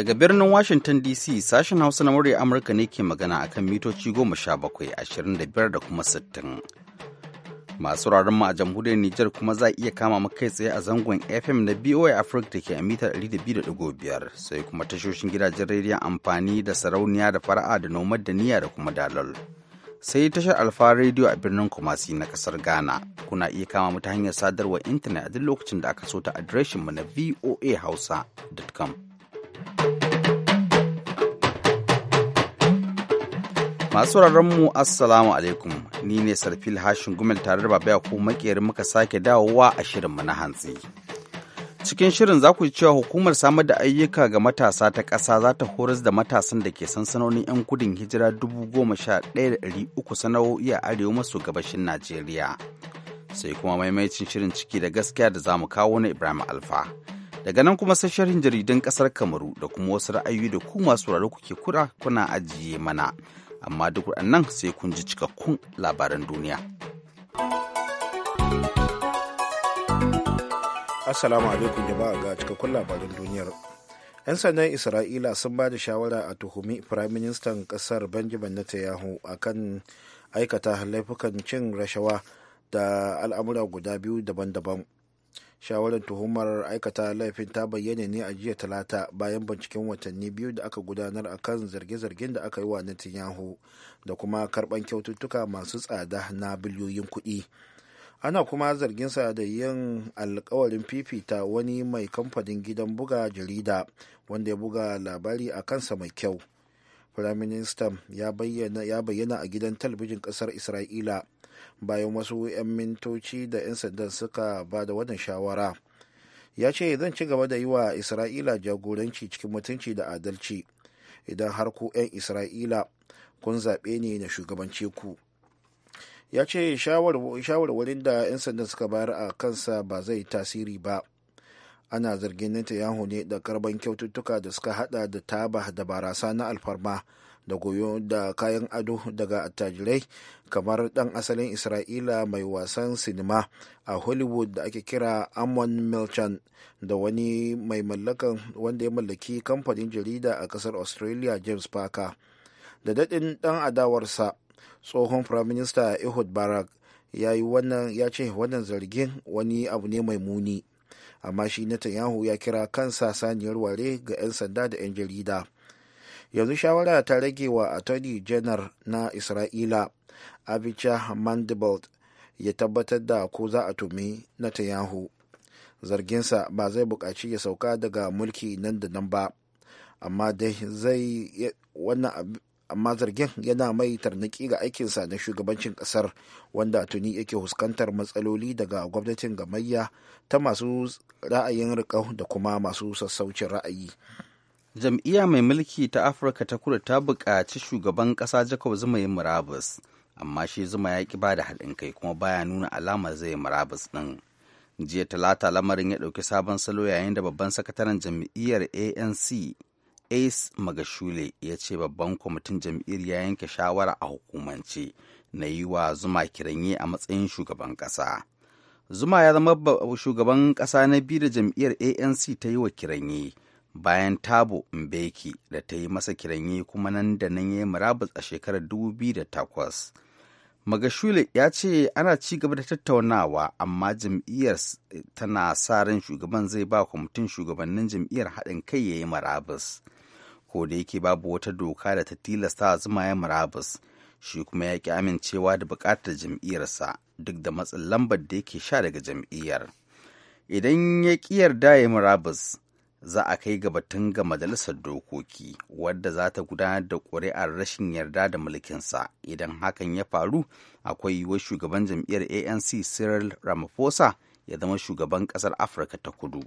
Daga birnin Washington DC sashen Hausa na murya Amurka ne ke magana a kan mitoci goma sha bakwai ashirin da biyar da kuma sittin. Masu wuraren mu a jamhuriyar Nijar kuma za iya kama mu kai tsaye a zangon FM na BOA Africa da ke a mita biyar sai kuma tashoshin gidajen rediyon amfani da sarauniya da fara'a da nomad da niyya da kuma dalol. sai tashar alfa radio a birnin kumasi na kasar ghana kuna iya kama mu ta hanyar sadarwar intanet a duk lokacin da aka so ta adireshin mu na voa hausa.com Masu mu Assalamu alaikum ni ne Sarfil Hashin Gumel tare da Babaya ko makiyar muka sake dawowa a shirinmu na hantsi. Cikin shirin za ku ji cewa hukumar samar da ayyuka ga matasa ta ƙasa za ta horas da matasan da ke sansanonin 'yan gudun hijira uku sana'o'i a arewa maso gabashin Najeriya. Sai kuma maimacin shirin ciki da gaskiya da za mu kawo na Ibrahim Alfa. Daga nan kuma sashen jaridun jaridan ƙasar Kamaru da kuma wasu ra'ayoyi da ku masu raro kuke kura kuna ajiye mana. Amma duk waɗannan sai kun ji cikakkun labaran duniya. Assalamu alaikum jama'a ga cikakkun labaran duniyar. 'yan sandan isra'ila sun ba da shawara a tuhumi firaministan kasar benjamin netanyahu a kan aikata laifukan cin rashawa da al'amura guda biyu daban-daban shawarar tuhumar aikata laifin ta bayyana ne a jiya talata bayan binciken watanni biyu da aka gudanar a kan zarge-zargen da aka yi wa netanyahu da kuma karban kyaututtuka masu tsada na biliyoyin kuɗi ana kuma zarginsa da yin alkawarin fifita wani mai kamfanin gidan buga jarida wanda ya buga labari a kansa mai kyau firaministan ya bayyana a gidan talabijin kasar isra'ila bayan wasu 'yan mintoci da 'yan sandan suka ba da wannan shawara ya ce zan ci gaba da yi wa isra'ila jagoranci cikin mutunci da adalci idan har ku 'yan isra'ila kun zaɓe ni na shugabanci ku ya ce shawarwarin da 'yan sandan suka bayar a kansa ba zai tasiri ba ana zargin netanyahu ne da karban kyaututtuka da suka hada da taba da barasa na alfarma da goyo da kayan ado daga attajirai kamar dan asalin isra'ila mai wasan sinima a hollywood da ake kira amon milchan da wani mai mallakan wanda ya mallaki kamfanin jarida a kasar australia james parker da daɗin dan adawarsa tsohon minister ehud barak ya yi wannan ya ce wannan zargin wani abu ne mai muni amma shi netanyahu ya kira kansa saniyar ware ga 'yan sanda da 'yan jarida yanzu shawara ta rage wa attorney general na isra'ila abicha mandibald ya tabbatar da ko za a tumi netanyahu zarginsa ba zai buƙaci ya sauka daga mulki nan da nan ba amma dai zai wannan amma zargin yana mai tarniki ga aikinsa na shugabancin kasar wanda tuni yake huskantar matsaloli daga gwamnatin gamayya ta masu ra'ayin riƙau da kuma masu sassaucin ra'ayi jam'iyya mai mulki ta afirka ta kudu ta buƙaci shugaban ƙasa jacob zuma yin murabus amma shi zuma ya ƙi bada haɗin kai kuma baya nuna alamar zai murabus ɗin jiya talata lamarin ya ɗauki sabon salo yayin da babban sakataren jam'iyyar anc ace magashule ya ce babban kwamitin jam'iyyar ya yanke shawara a hukumance na yi wa zuma kiranye a matsayin shugaban kasa zuma ya zama shugaban kasa na biyu da jam'iyyar anc ta yi wa kiranye bayan tabo mbeki da ta yi masa kiranye kuma nan da nan ya yi murabus a shekarar 2008 magashule ya ce ana ci gaba da tattaunawa amma jam'iyyar tana sa ran shugaban zai ba kwamitin shugabannin jam'iyyar haɗin kai ya yi murabus ko da yake babu wata doka da ta tilasta zuma ya murabus shi kuma ya ki amincewa da buƙatar jam'iyyarsa duk da matsin lambar da yake sha daga jam'iyyar idan ya ki yarda ya murabus za a kai gabatun ga majalisar dokoki wadda za ta gudanar da ƙuri'ar rashin yarda da mulkinsa idan hakan ya faru akwai yiwuwar shugaban jam'iyyar anc cyril ramaphosa ya zama shugaban ƙasar afirka ta kudu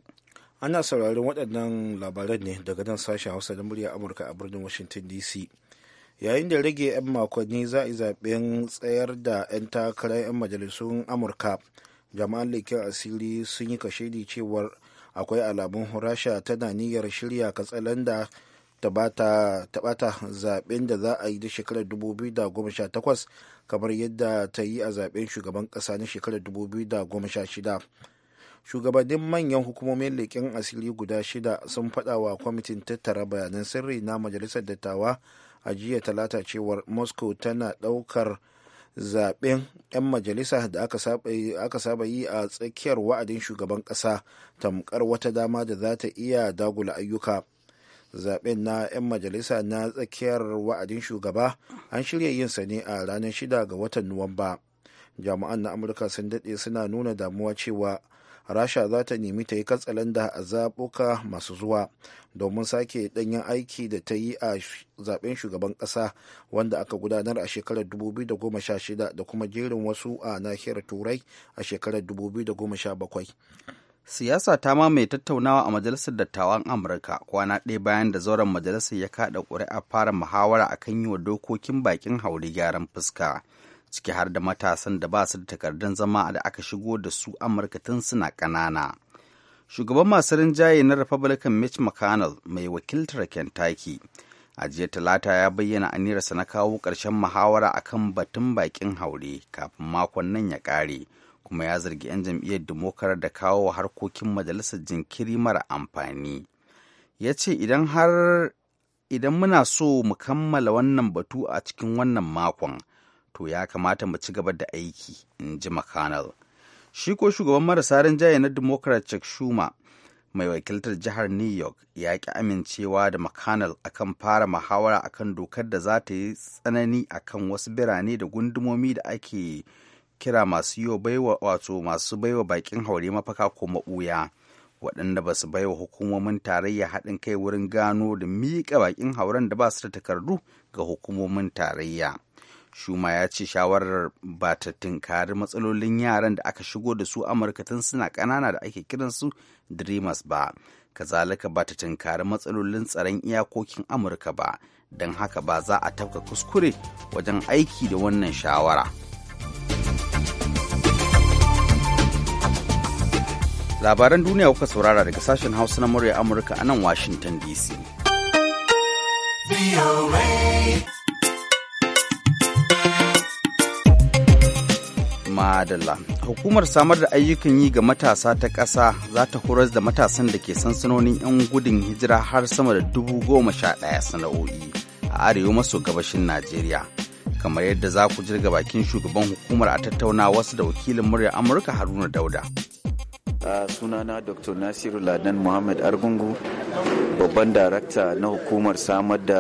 ana sauraron waɗannan labaran ne daga nan sashen hausa da murya amurka a birnin washington dc yayin da rage 'yan makonni za a zaɓen tsayar da 'yan takarar 'yan majalisun amurka jama'an leke asiri sun yi kashedi cewar akwai alamun rasha tana niyyar shirya katsalanda ta bata zaben da za a yi da shekarar 2018 kamar yadda ta yi a zaɓen shugaban ƙasa na shekarar 2016 shugabannin manyan hukumomin leƙen asiri guda shida sun faɗa wa kwamitin tattara bayanan sirri na majalisar dattawa a jiya talata cewar moscow tana ɗaukar zaben 'yan majalisa da aka saba yi a tsakiyar wa'adin shugaban ƙasa tamkar wata dama da za ta iya dagula ayyuka zaben na 'yan majalisa na tsakiyar wa'adin shugaba an shirya yin sa ne a ranar 6 ga watan nuwamba jami'an na amurka sun daɗe suna nuna damuwa cewa rasha za ta nemi ta yi katsalanda a zaɓuka masu zuwa domin sake ɗanyen aiki da ta yi a zaɓen shugaban ƙasa wanda aka gudanar a shekarar 2016 da kuma jerin wasu a nahiyar turai a shekarar 2017 siyasa ta ma mai tattaunawa a majalisar dattawan amurka kwana ɗaya bayan da zauren majalisar ya kaɗa ƙuri'a fara muhawara akan yi wa dokokin bakin hauri gyaran fuska ciki har da matasan da ba su da takardun zama da aka shigo da su amurka tun suna ƙanana shugaban masu rinjaye na republican mitch mcconnell mai wakiltar kentucky a jiya talata ya bayyana aniyarsa na kawo ƙarshen muhawara a kan batun bakin haure kafin makon nan ya ƙare kuma ya zargi 'yan jam'iyyar dimokar da kawo harkokin majalisar jinkiri mara amfani ya ce idan har idan muna so mu kammala wannan batu a cikin wannan makon to ya kamata mu ci gaba da aiki in ji mcconnell shi ko shugaban marasa rinjaye na democrat chuck schumer mai wakiltar jihar new york ya ki amincewa da mcconnell akan fara muhawara akan dokar da za ta yi tsanani akan wasu birane da gundumomi da ake kira masu yi baiwa wato masu baiwa bakin haure mafaka ko maɓuya waɗanda ba su baiwa hukumomin tarayya haɗin kai wurin gano da miƙa bakin hauren da ba su da takardu ga hukumomin tarayya. shuma ya ce shawarar ba ta tunkari matsalolin yaran da aka shigo da su amurka tun suna ƙanana da ake kiransu dreamers ba kazalika ba ta tunkari matsalolin tsaron iyakokin amurka ba don haka ba za a tafka kuskure wajen aiki da wannan shawara labaran duniya kuka saurara daga sashen hausa na murya amurka a nan washington dc Madalla. Hukumar samar da ayyukan yi ga matasa ta ƙasa za ta horar da matasan da ke sansanonin 'yan gudun hijira har sama da dubu goma sha ɗaya sana'o'i a arewa maso gabashin Najeriya. Kamar yadda za ku jirga bakin shugaban hukumar a tattauna wasu da wakilin murya Amurka Haruna Dauda. Uh, sunana Dr. Nasiru Ladan Muhammad Argungu, babban darakta na hukumar samar da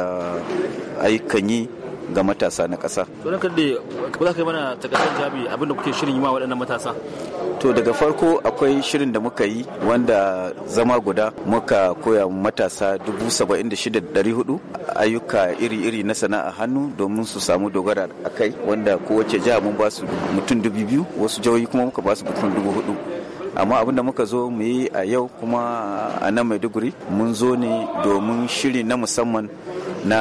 ayyukan yi ga matasa na ƙasa. Tsoron kadde ba za ka yi mana takardar jabi abinda kuke shirin yi ma waɗannan matasa. To daga farko akwai shirin da muka yi wanda zama guda muka koya matasa dubu saba'in da shida dari hudu ayyuka iri-iri na sana'a hannu domin su samu dogara a kai wanda kowace jiha mun ba su mutum dubu biyu wasu jihohi kuma muka ba su mutum dubu hudu. amma abinda muka zo mu yi a yau kuma a nan maiduguri mun zo ne domin shiri na musamman na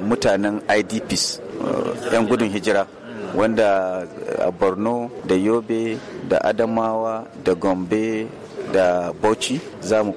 mutanen idps uh, 'yan gudun hijira wanda a uh, borno da yobe da adamawa da gombe da bauchi za mu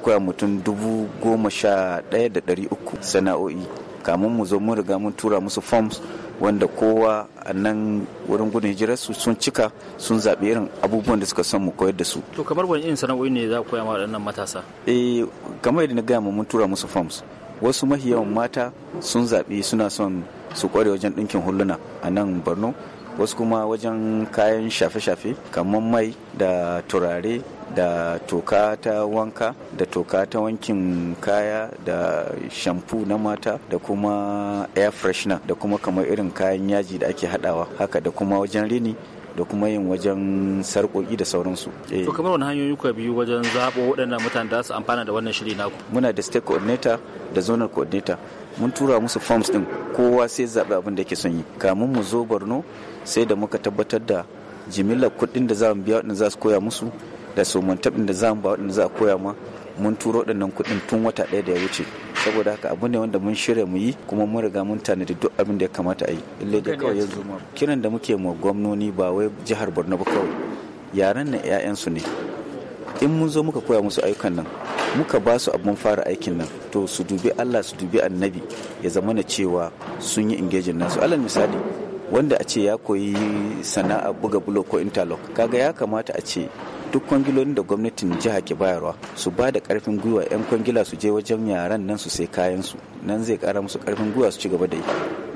koya mutum dubu goma sha ɗaya da ɗari uku sana'o'i kamun mu zo mun riga mun tura musu forms wanda kowa a nan wurin gudun hijirar su sun cika sun zaɓi irin abubuwan da suka son mu koyar da su to kamar wani irin sana'o'i ne za ku koya ma waɗannan matasa eh kamar yadda na gaya ma mun tura musu forms wasu mahi yawan mata sun zaɓi suna son su kware wajen ɗinkin huluna a nan borno wasu kuma wajen kayan shafe-shafe kamar mai da turare da toka ta wanka da toka ta wankin kaya da shampu na mata da kuma air freshener da kuma kamar irin kayan yaji da ake hadawa haka da kuma wajen rini da kuma yin wajen sarƙoƙi da sauransu. Eh. To kamar wani hanyoyi kuka biyu wajen zaɓo waɗannan mutane da su amfana da wannan shiri naku? Muna da state coordinator da zonal coordinator mun tura musu forms ɗin kowa sai zaɓi abin da yake son yi. Kamun mu zo Borno sai da muka tabbatar da jimillar kuɗin da za mu biya waɗanda za su koya musu da somantaɓin da za mu ba waɗanda za a koya ma mun turo waɗannan kuɗin tun wata ɗaya da ya wuce. saboda haka abu ne wanda mun shirya mu yi kuma mun riga mun tanadi duk abin da ya kamata a yi illai da kawai yanzu kiran da muke ma gwamnoni ba wai jihar borno ba kawai yaran na 'ya'yansu ne in mun zo muka koya musu ayyukan nan muka ba su abin fara aikin nan to su dubi allah su dubi annabi ya zama na cewa sun yi engaging nasu alal misali wanda a ce ya koyi sana'a buga bulo ko interlock kaga ya kamata a ce duk kwangilolin da gwamnatin jiha ke bayarwa su ba da karfin gwiwa 'yan kwangila su je wajen yaran nan su sai kayan su nan zai kara musu karfin gwiwa su ci gaba da yi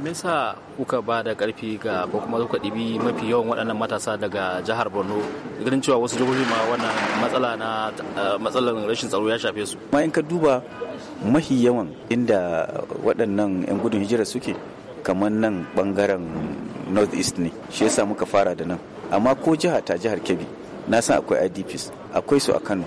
me yasa kuka ba da karfi ga ko kuma kuka dibi mafi yawan waɗannan matasa daga jihar borno ganin cewa wasu jihohi ma wannan matsala na eh, matsalar rashin tsaro ya shafe su ma in ka duba mahi yawan inda waɗannan 'yan gudun hijira suke kamar nan bangaren north east ne shi yasa muka fara da nan amma ko jiha ta jihar kebbi na san akwai idps akwai su a kano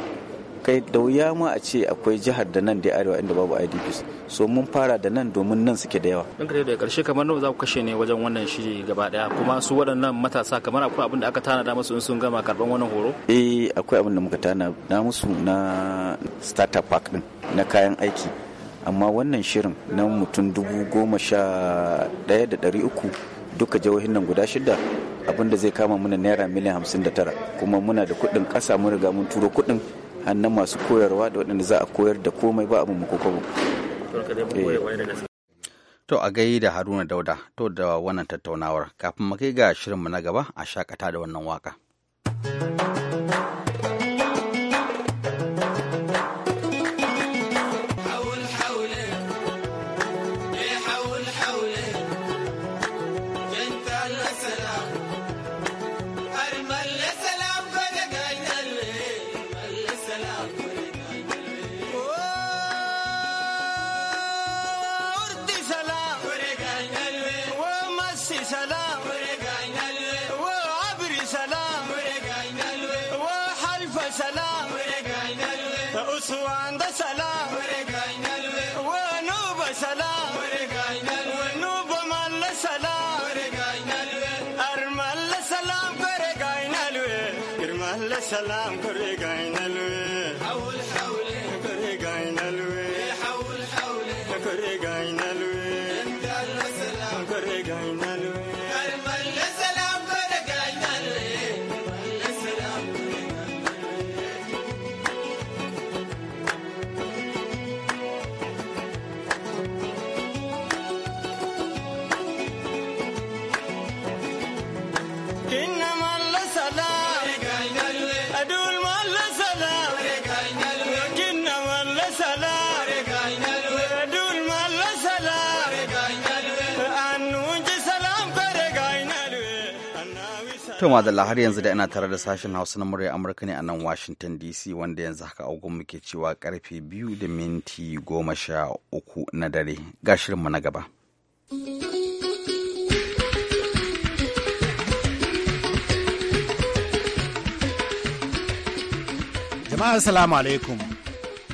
kai da wuya ma a ce akwai jihar da nan da arewa inda babu idps so mun fara da nan domin nan suke da yawa don kare da karshe kamar nawa za ku kashe ne wajen wannan shiri gaba daya kuma su waɗannan matasa kamar akwai abin da aka tana da musu in sun gama karban wannan horo eh akwai abin da muka tana da musu na startup park din na kayan aiki amma wannan shirin na mutum dubu goma sha ɗaya da ɗari uku duka jihohin nan guda shida abin da zai kama mana naira miliyan hamsin da tara kuma muna da kuɗin kasa mun riga mun turo kuɗin hannun masu koyarwa da waɗanda za a koyar da komai ba abin mu kwabo. To a gai da Haruna Dauda to da wannan tattaunawar kafin mu kai ga shirin mu na gaba a shakata da wannan waka. سلام كريقين الوي حول حولي كريقين الوي حول حولي كريقين الوي انت السلام كريقين الوي To madalla har yanzu da ina tare da sashen Hausa na murya Amurka ne a nan Washington DC wanda yanzu haka agun ke cewa karfe biyu da minti goma sha uku na dare ga mu na gaba. Jama'a salamu alaikum.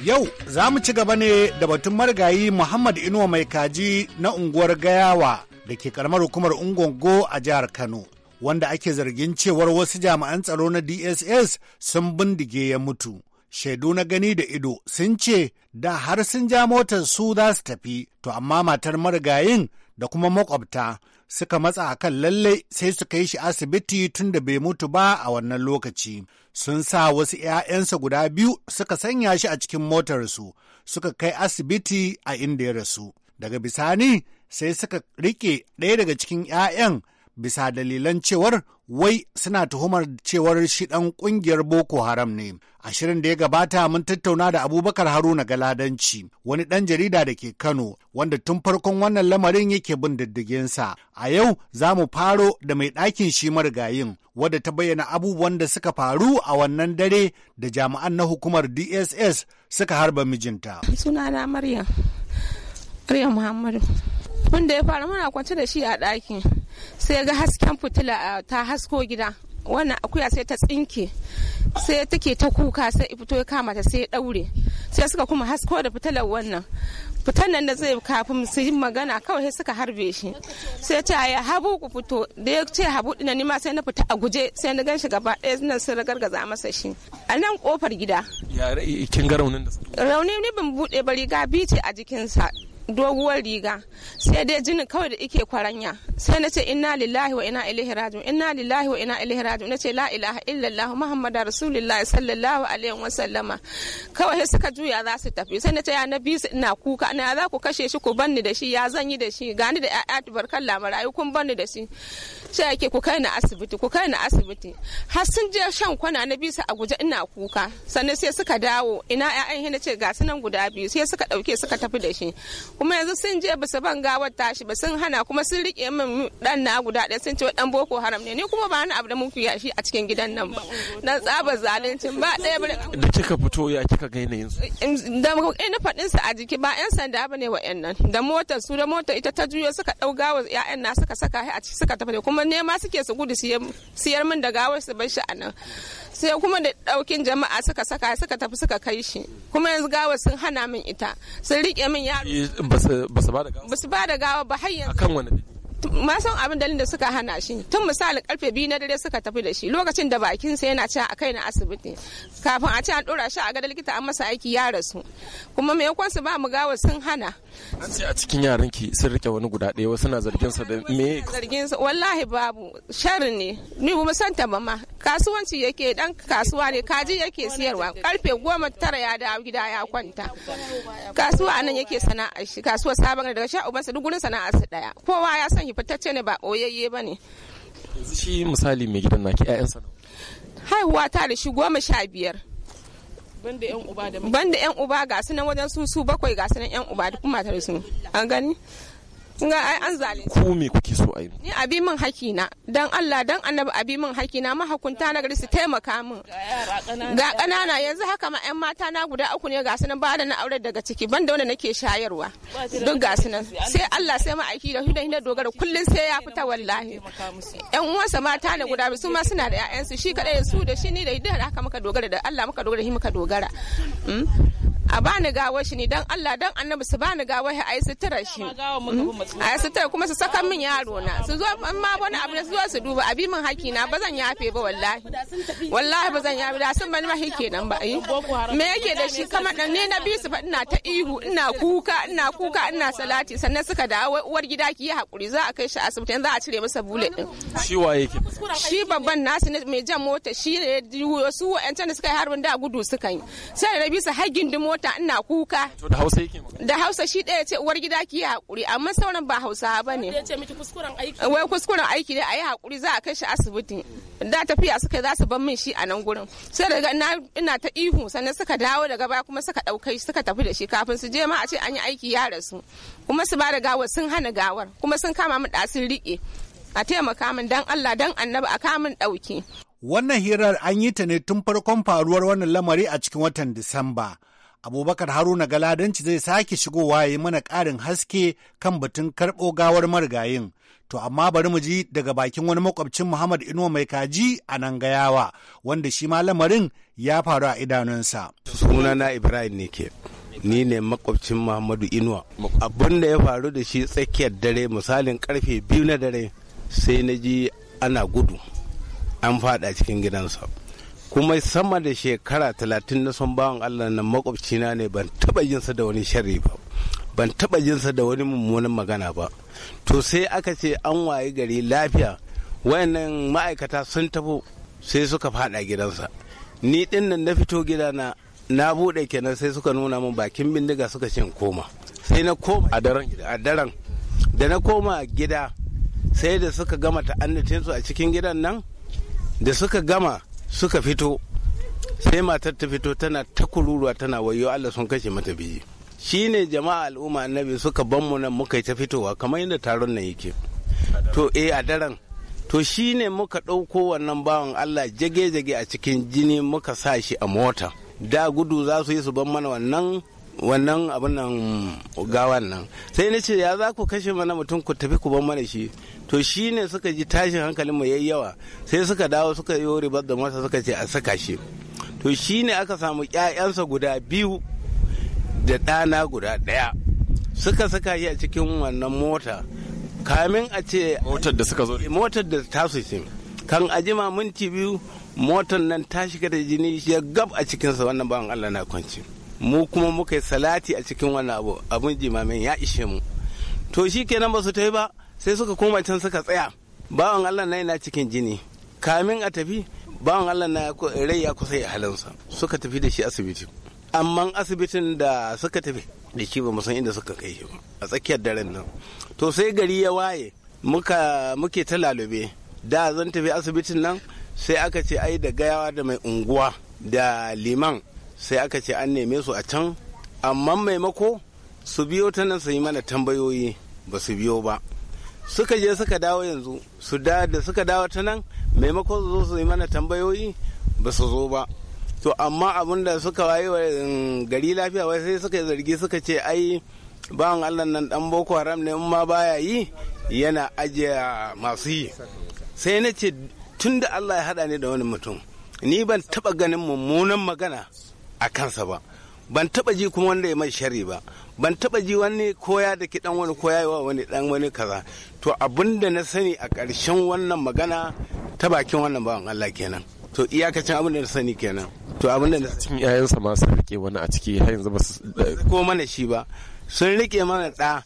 Yau za mu ci gaba ne da batun marigayi Muhammad Inuwa Mai Kaji na unguwar Gayawa da ke karamar hukumar Ungongo a jihar Kano. wanda ake zargin cewar wasu jami'an tsaro na DSS sun bindige ya mutu. Shaidu na gani da ido sun ce da har sun ja motar su za su tafi, to amma matar marigayin da kuma makwabta suka matsa a kan lalle sai su kai shi asibiti tun da bai mutu ba a wannan lokaci. Sun sa wasu 'ya'yansa guda biyu suka sanya shi a cikin motarsu suka kai asibiti a inda ya rasu. Daga bisani sai suka riƙe ɗaya daga cikin 'ya'yan bisa dalilan cewar wai suna tuhumar cewar shi ɗan ƙungiyar Boko Haram ne. A shirin da ya gabata mun tattauna da Abubakar Haruna Galadanci, wani ɗan jarida da ke Kano, wanda tun farkon wannan lamarin yake bin diddiginsa. A yau za mu faro da mai ɗakin shi marigayin, wadda ta bayyana abubuwan da suka faru a wannan dare da jami'an na hukumar DSS suka harba mijinta. Sunana Maryam, Maryam Muhammadu. Wanda ya faru muna kwance da shi a ɗakin. sai ga hasken fitila ta hasko gida wannan akuya sai ta tsinke sai take ta kuka sai fito ya kama ta sai ya daure sai suka kuma hasko da fitilar wannan fitan nan da zai kafin su yi magana kawai sai suka harbe shi sai ta ya habu ku fito da ya ce habu dinan ni ma sai na fita a guje sai na ganshi gaba ɗaya nan sun ragargaza masa shi a nan kofar gida ya kin ga raunin da rauni ne ban bude ba riga bice a jikinsa doguwar riga sai dai jinin kawai da ike kwaranya sai na ce inna lillahi wa ina ilaihi rajiun inna lillahi wa ina ilaihi rajiun na ce la ilaha illallah muhammadar rasulullahi sallallahu alaihi wa sallama kawai sai suka juya za su tafi sai na ce ya nabi ina kuka na za ku kashe shi ku banni da shi ya zan yi da shi gani da ya'ya barkan lamarayu kun banni da shi sai ake ku kai na asibiti ku kai na asibiti har sun je shan kwana na bisa a guje ina kuka sannan sai suka dawo ina ya'yan hina ce gasu nan guda biyu sai suka dauke suka tafi da shi kuma yanzu sun je ba su ban gawar tashi ba sun hana kuma sun riƙe min dan na guda ɗaya sun ce wa ɗan boko haram ne ni kuma ba ni abu da mun fiya shi a cikin gidan nan ba na tsaba zaluncin ba ɗaya ba da kika fito ya kika ga yanayin da ina eh, faɗin su a jiki ba yan sanda ba ne wa'annan da motar su da motar ita ta juyo suka ɗau gawar ya'yan na suka saka a ciki suka tafi da kuma kuma nema suke su gudu siyar min da gawar su bar shi a nan sai kuma da daukin jama'a suka saka suka tafi suka kai shi kuma yanzu gawar sun hana min ita sun rike min yaro eh, ba su ba da gawa ba har yanzu akan wani ma san abin dalin da suka hana shi tun misali karfe biyu na dare suka tafi da shi lokacin da bakin sa yana cewa a kai na asibiti kafin a ce an dora shi a ga likita an masa aiki ya rasu kuma me yakon su ba mu gawa sun hana an ce a cikin yaran ki sun rike wani guda ɗaya wasu na zargin sa da me zargin sa wallahi babu sharri ne ni ba san ta ba kasuwanci yake dan kasuwa ne kaji yake siyarwa karfe goma tara ya dawo gida ya kwanta kasuwa anan yake sana'a shi kasuwa sabon daga sha ubansa su gurin sana'a su daya kowa ya san fitacce ne ba oyayye bane yanzu shi misali mai gidan naki ƴaƴansa haihuwa ta da shi goma sha biyar banda yan uba da banda yan uba ga sunan nan wajen su su bakwai ga sunan nan yan uba kuma matar su an gani Nga ai an zalunci. Ku me kuke so a yi? Ni abi min haki na. Dan Allah dan Annabi abi min haki na mahakunta na gari su taimaka min. Ga kanana yanzu haka ma ƴan mata na guda uku ne ga su nan ba da na aure daga ciki ban da wanda nake shayarwa. Duk ga su nan. Sai Allah sai aiki da hidan hidan dogara kullun sai ya fita wallahi. Ƴan uwansa mata ne guda su ma suna da ƴaƴansu shi kadai su da shi ni da hidan haka muka dogara da Allah muka dogara shi muka dogara. Hmm? a bani gawar shi ne dan Allah dan annabi su bani gawar shi a yi sutura shi a yi sutura kuma su saka min yaro na su zo in ma wani abu ne su zo su duba abi min haki na ba zan yafe ba wallahi wallahi ba zan yafe da sun bani ma hike nan ba eh. ai me yake da shi kamar dan ne na bi su fa ina ta ihu ina kuka ina kuka ina salati sannan suka dawo uwar gida ki yi hakuri za a kai shi asibiti yanzu a cire masa bullet din shi waye ke shi babban nasu mai jan mota shi ne su wa'ancan da suka yi harbin da gudu suka yi sai da bi su hagin dimo mota ina kuka da hausa yake magana da hausa shi ɗaya ce uwar gida ki hakuri amma sauran ba hausa ba ne ce miki kuskuren aiki wai kuskuren aiki hakuri za a kai shi asibiti da tafiya suka za su ban min shi a nan gurin sai daga na ina ta ihu sannan suka dawo daga baya kuma suka ɗaukai suka tafi da shi kafin su je ma a ce an yi aiki ya rasu kuma su ba da gawar sun hana gawar kuma sun kama min ɗasin riƙe a taimaka min dan Allah dan annabi a kamun ɗauki. Wannan hirar an yi ta ne tun farkon faruwar wannan lamari a cikin watan Disamba. Abubakar Haruna Galadanci zai sake shigowa ya yi mana ƙarin haske kan batun karɓo gawar marigayin. To amma bari mu ji daga bakin wani makwabcin Muhammad Inuwa mai kaji a nan gayawa wanda shi ma lamarin ya faru a idanunsa. Sunana Ibrahim ne ke. Ni ne makwabcin Muhammadu Inuwa. Abin da ya faru da shi tsakiyar dare misalin karfe biyu na dare sai na ji ana gudu an fada cikin gidansa. kuma sama da shekara talatin na son bawan allah nan makwabcina ne ban taba jinsa da wani sharri ba ban taba jinsa da wani mummunan magana ba to sai aka ce an wayi gari lafiya wayannan ma'aikata sun tafi sai suka fada gidansa ni din nan na fito gida na na bude kenan sai suka nuna min bakin bindiga suka ce koma sai na koma a daren a daren da na koma gida sai da suka gama su a cikin gidan nan da suka gama suka fito sai matar ta fito tana ta kururuwa tana wayo Allah sun kashe mata biyu shine jama'a al'umma annabi suka ban mu nan muka ta fitowa kamar yadda taron nan yake to eh a daren to shi ne muka ɗauko wannan bawan Allah jage-jage a cikin jini muka sa shi a mota da gudu za su yi su ban mana wannan wannan abin nan gawan nan sai na ce ya za ku kashe mana mutum ku tafi ku ban mana shi to shi ne suka ji tashin hankalin mu yayi yawa sai suka dawo suka yi ribar da masa suka ce a saka shi to shi ne aka samu ƴaƴansa guda biyu da ɗana guda ɗaya suka saka shi a cikin wannan mota kamin a ce motar da suka zo motar da ta ce kan ajima minti biyu motar nan ta shiga da jini ya gab a cikinsa wannan bawan Allah na kwanci mu kuma muka yi salati a cikin wannan abu abun jimamin ya ishe mu to shi kenan ba su yi ba sai suka koma can suka tsaya bawan allah na yana cikin jini kamin a tafi bawan allah na rai ya kusa halinsa suka tafi da shi asibiti amma asibitin da suka tafi da shi ba san inda suka kai shi ba a tsakiyar daren nan to sai gari ya waye muka muke ta lalube da zan tafi asibitin nan sai aka ce ai da gayawa da mai unguwa da liman sai aka ce an neme su a can amma maimako su biyo ta nan su yi mana tambayoyi ba su biyo ba suka je suka dawo yanzu su da da suka dawo ta nan maimako su zo su yi mana tambayoyi ba su zo ba to amma abin da suka waye mm, gari lafiya wai sai suka zargi suka ce ai bawan allah nan dan boko haram ne in ma baya yi yana ajiye masu yi sai na ce tun da allah ya hada ni da wani mutum ni ban taba ganin mummunan magana a kansa ba ban taba ji kuma wanda ya mai shari ba ban taba ji wani koya da ki dan wani koya wa wani dan wani kaza to da na sani a ƙarshen wannan magana ta bakin wannan bawan Allah kenan to iyakacin abin da na sani kenan to abin da na cikin Iyayensa ma sun rike wani a ciki har yanzu ba su ko mana shi ba sun rike mana da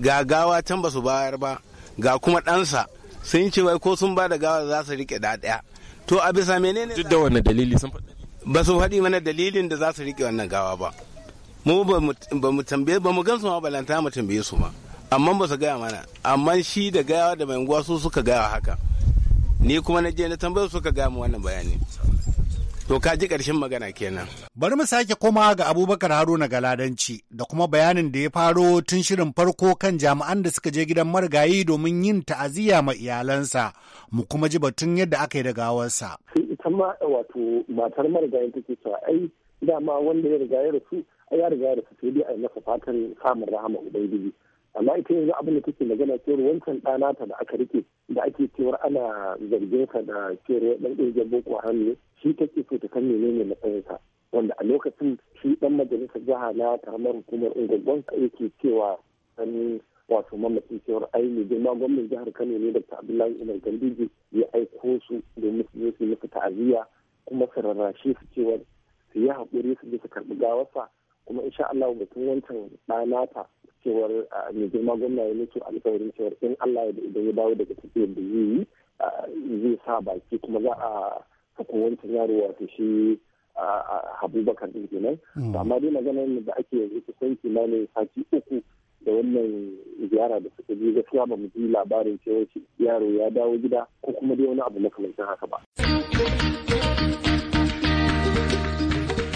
ga gawa can ba su bayar ba ga kuma ɗansa sun ce wai ko sun ba da gawa za su rike da ɗaya to a bisa menene duk da wani dalili sun faɗi ba su faɗi mana dalilin da za su riƙe wannan gawa ba mu ba mu tambaye ba mu gan su ma balanta mu tambaye su ma amma ba su gaya mana amma shi da gawa da mai unguwa su suka gaya haka ni kuma na je na su suka gaya mu wannan bayani to ka ji ƙarshen magana kenan bari mu sake koma ga abubakar haruna galadanci da kuma bayanin da ya faro tun shirin farko kan jami'an da suka je gidan marigayi domin yin ta'aziyya ma iyalansa mu kuma ji batun yadda aka yi da gawarsa ita wato matar marigayin take cewa ai dama wanda ya riga ya rasu a ya riga ya rasu sai dai a yi masa fatan samun rahama ubangiji amma ita yanzu abin da take magana cewar wancan ta da aka rike da ake cewar ana zargin sa da cewar ɗan ɗirgin boko hannu shi take so ta san menene matsayinsa wanda a lokacin shi ɗan majalisar jiha na karamar hukumar ka yake cewa wato mamakin cewar ai girma gwamnan jihar kano ne da abdullahi umar gandiji ya aiko su domin su zo su ta'aziyya kuma su rarrashe su cewar su yi haƙuri su je su karɓi gawarsa kuma insha Allah batun wancan ɗanata cewar mai girma gwamna ya mutu alƙawarin cewar in Allah ya idan ya dawo daga tafiyar da zai yi zai sa baki kuma za a sako wancan yaro wato shi abubakar din kenan hmm. amma dai maganar da ake yanzu kusan kimanin sati uku da wannan ziyara da suka je gaskiya ba mu ji labarin cewa yaro ya dawo gida ko kuma dai wani abu makamancin haka ba.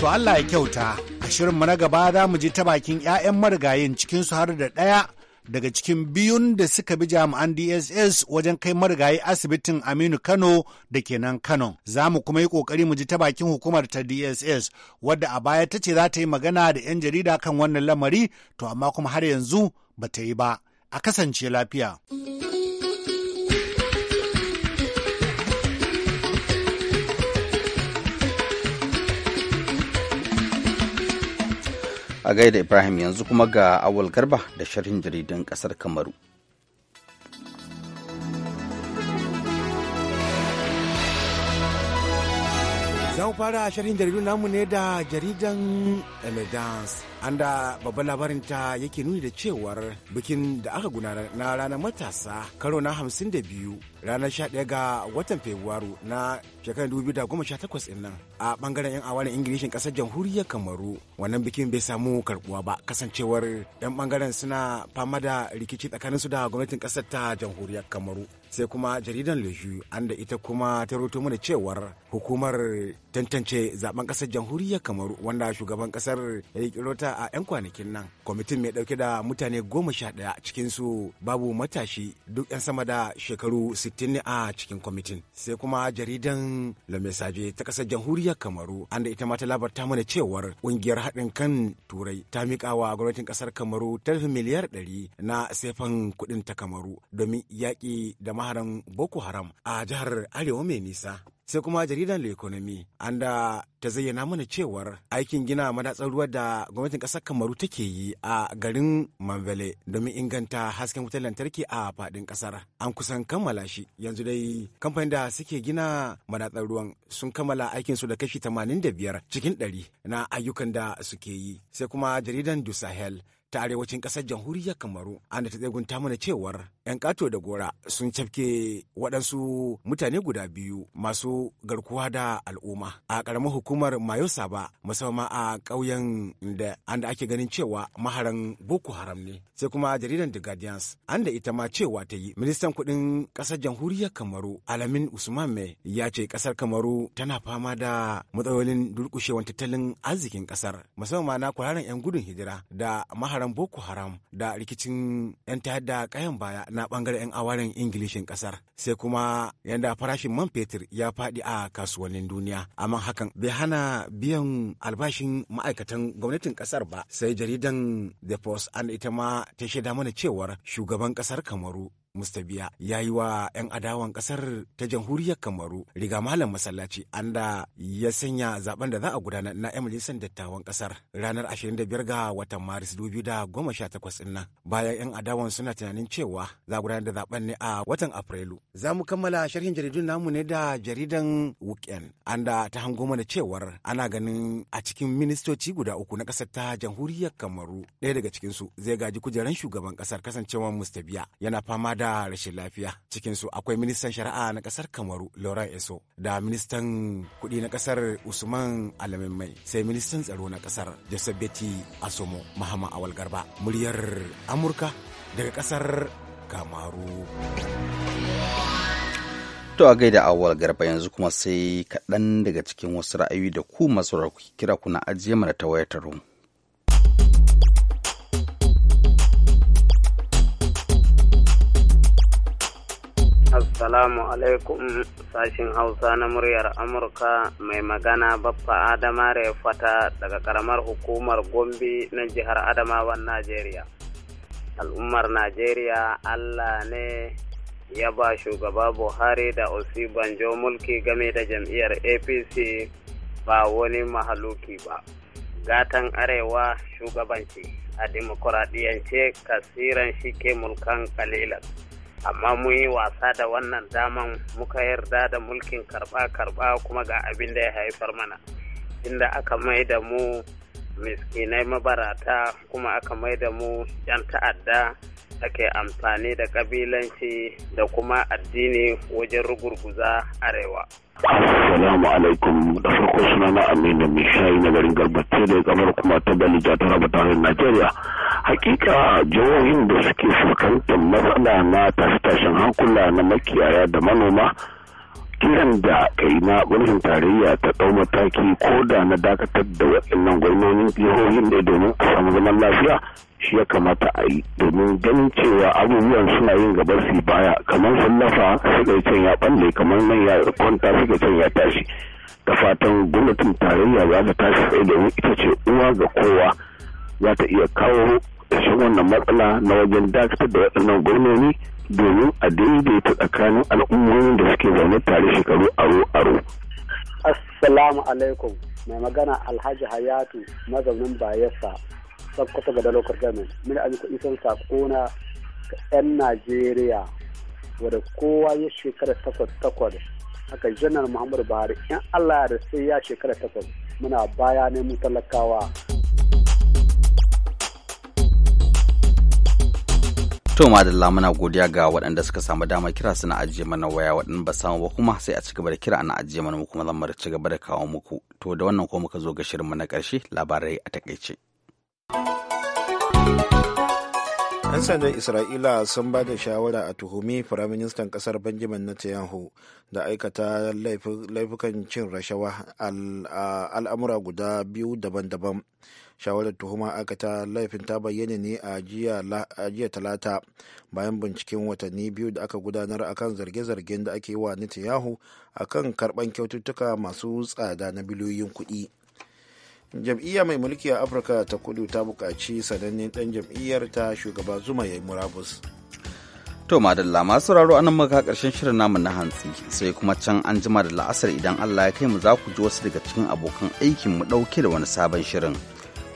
To Allah ya kyauta, a shirin mu na gaba za mu ji ta bakin 'ya'yan marigayin cikinsu har da ɗaya daga cikin biyun da suka bi jami'an DSS wajen kai marigayi asibitin Aminu Kano da kenan Kano. Za mu kuma yi ƙoƙari mu ji ta bakin hukumar ta DSS wadda a baya ta ce za ta yi magana da 'yan jarida kan wannan lamari to amma kuma har yanzu ba ta yi ba. A kasance lafiya. a gaida ibrahim yanzu kuma ga awal garba da sharhin jaridan kasar kamaru zan fara sharhin jaridun namu ne da jaridan emergence an da babban labarin ta yake nuni da cewar bikin da aka gudanar na ranar matasa karo na hamsin da biyu ranar 11 ga watan fabrairu na shekarar 2018 din nan a bangaren yan awalin ingilishin kasar jamhuriyar kamaru wannan bikin bai samu karbuwa ba kasancewar yan bangaren suna fama da rikici tsakanin su da gwamnatin kasar ta jamhuriyar kamaru sai kuma jaridan leju an da ita kuma ta roto mana cewar hukumar tantance zaben kasar jamhuriyar kamaru wanda shugaban kasar ya kirota a 'yan kwanakin nan kwamitin mai ɗauke da mutane goma sha ɗaya cikinsu babu matashi duk 'yan sama da shekaru 60 a cikin kwamitin sai kuma jaridan lamesaje ta ƙasar jamhuriyar kamaru an da ita ma ta labarta mana cewar ƙungiyar haɗin kan turai ta miƙa wa gwamnatin ƙasar kamaru talfi miliyar ɗari na sefan kuɗin ta kamaru domin yaƙi da maharan boko haram a jihar arewa mai nisa sai kuma jaridar le economy an da ta zayyana mana cewar aikin gina madatsar ruwa da gwamnatin ƙasar kamaru take yi a garin manvele domin inganta hasken wutar lantarki a faɗin ƙasar an kusan kammala shi yanzu dai kamfanin da suke gina madatsar ruwan sun kammala aikin su da kashi 85 cikin 100 na ayyukan da suke yi sai kuma jaridar du sahel ta arewacin ƙasar jamhuriyar kamaru an da ta tsegunta mana cewar 'yan kato da gora sun cafke waɗansu mutane guda biyu masu garkuwa da al'umma a ƙaramar hukumar mayo saba musamman a ƙauyen da an da ake ganin cewa maharan boko haram ne sai kuma jaridar the guardians an da ita ma cewa ta yi ministan kuɗin ƙasar jamhuriyar kamaru alamin usman mai ya ce ƙasar kamaru tana fama da matsalolin durƙushewar tattalin arzikin ƙasar musamman na kwararren 'yan gudun hijira da maharan maharan boko haram da rikicin 'yan tayar kayan baya na bangaren 'yan awarin ingilishin kasar sai kuma yadda farashin man fetur ya faɗi a kasuwannin duniya amma hakan bai hana biyan albashin ma'aikatan gwamnatin kasar ba sai jaridan the post an ita ma ta shaida mana cewar shugaban kasar kamaru mustabiya ya yi wa 'yan adawan kasar ta jamhuriyar kamaru riga malam masallaci an da ya sanya zaben da za a gudanar na 'yan majalisar dattawan kasar ranar 25 ga watan maris 2018 din nan bayan 'yan adawan suna tunanin cewa za a gudanar da zaben ne a watan afrilu za mu kammala sharhin jaridun namu ne da jaridan weekend an da ta hango mana cewar ana ganin a cikin ministoci guda uku na kasar ta jamhuriyar kamaru ɗaya daga cikinsu zai gaji kujerar shugaban kasar kasancewar mustabiya yana fama da da rashin lafiya cikinsu akwai ministan shari'a na kasar kamaru lauren eso da ministan kudi na kasar usman alamimai sai ministan tsaro na kasar joseph beti asomo mahama awal garba muryar amurka daga kasar kamaru To a gaida awal garba yanzu kuma sai kaɗan daga cikin wasu ra'ayoyi da ku masu kira kuna ajiye mana ta wayar tarho. Assalamu alaikum sashin Hausa na muryar Amurka mai magana Baffa Adama fata daga karamar hukumar Gombe na jihar Adamawan Najeriya. Al'ummar Najeriya Allah ne ya ba shugaba Buhari da Osibanjo mulki game da jam'iyyar APC ba wani mahaluki ba. Gatan Arewa shugabanci a dimokuraɗiyance kasiran shi ke mulkan kalilas. amma mu yi wasa da wannan daman muka yarda da mulkin karba-karba kuma ga abin da ya haifar mana inda aka mai da mu miskinai mabarata kuma aka mai da mu 'yan ta'adda ake amfani da kabilanci da kuma addini wajen rugurguza arewa. Assalamu alaikum da farko suna na Aminu Mishayi na garin Garbace da kamar kuma ta Balija ta raba tarin Najeriya. Hakika jihohin da suke fuskantar matsala na tashe-tashen hankula na makiyaya da manoma kiran da kai na gwamnatin tarayya ta ɗau mataki ko da na dakatar da waɗannan gwamnonin jihohin ne domin a samu zaman lafiya shi ya kamata a yi domin ganin cewa abubuwan suna yin gaba su baya kamar sun lafa suka can ya ɓalle kamar nan ya kwanta suka can ya tashi da fatan gwamnatin tarayya za ta tashi tsaye domin ita ce uwa ga kowa za ta iya kawo ƙarshen wannan matsala na wajen dakatar da waɗannan gwamnoni domin a daidaita tsakanin al'ummomin da suke zaune tare shekaru aro-aro. Assalamu alaikum mai magana Alhaji Hayatu mazaunin Bayelsa Sokoto ga Dalokar Gamin. Mini an kuɗi son sako na ga 'yan Najeriya wadda kowa ya shekara takwas takwas haka janar Muhammadu Buhari in Allah da sai ya shekara takwas muna baya ne mu talakawa. To madalla muna godiya ga waɗanda suka samu dama kira suna ajiye mana waya waɗanda ba samu ba kuma sai a ci gaba da kira ana ajiye mana mu kuma zan ci gaba da kawo muku. To da wannan ko muka zo ga shirinmu na ƙarshe labarai a takaice. 'yan sandan isra'ila sun ba da shawara a tuhumi firaministan kasar benjamin netanyahu da aikata laifukan cin rashawa al'amura guda biyu daban-daban shawarar tuhuma aka ta laifin ta bayyana ne a jiya talata bayan binciken watanni biyu da aka gudanar akan zarge-zargen da ake yi wa netanyahu akan karban kyaututtuka masu tsada na biliyoyin kuɗi. jam'iyya mai mulki a afirka ta kudu ta buƙaci sanannen ɗan jam'iyyar ta shugaba zuma ya yi murabus to madalla masu raro anan muka karshen shirin namu na hantsi sai kuma can an jima da la'asar idan allah ya kai mu za ku ji wasu daga cikin abokan aikin mu ɗauke da wani sabon shirin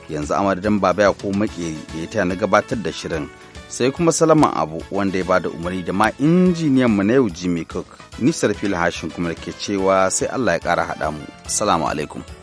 yanzu amadadin baba ya ko makeri da ya taya na gabatar da shirin sai kuma salaman abu wanda ya ba da umarni da ma injiniyan mu na yau jimmy cook nisar fil hashin kuma da ke cewa sai allah ya kara haɗa mu salamu alaikum